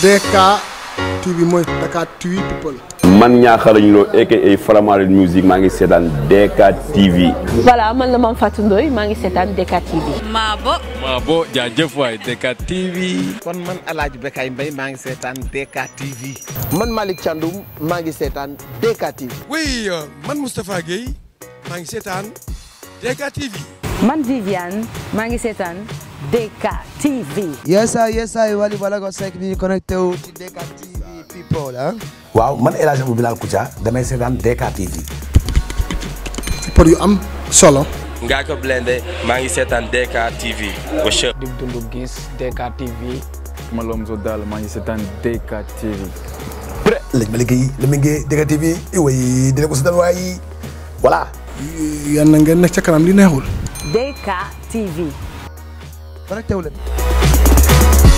DKTV mooy DKTV people. man ñaaxarañ loo aka ay Faramareen maa ngi seetaan DKTV. voilà man la Mame Fatou Ndoye maa ngi seetaan DKTV. Maabo. Maabo jaajëf waay DKTV. kon man El Hadj Bekay Mbaye maa ngi seetaan DKTV. man Malick Thiandoum maa ngi seetaan DKTV. oui euh, man Moustapha Guèye maa ngi seetaan DKTV. man Viviane maa ngi seetaan. DKTV. yes sir yes sir Wally Ballago Seck ñu ngi connecté wu ci DKTV people ah. waaw man El Hadj Abou Bilal Koutia damay seetaan pour yu am solo. ngaa ko blende maa ngi seetaan DKTV. Dim Dundu Gis DKTV. Malom Zodal maa ngi seetaan DKTV. pré lañ ma liggéey la ma liggéey DKTV iway eh dina ko seetaan waayi voilà. yal na ngeen nekk ca kanam li neexul. DKTV. connecté wu leen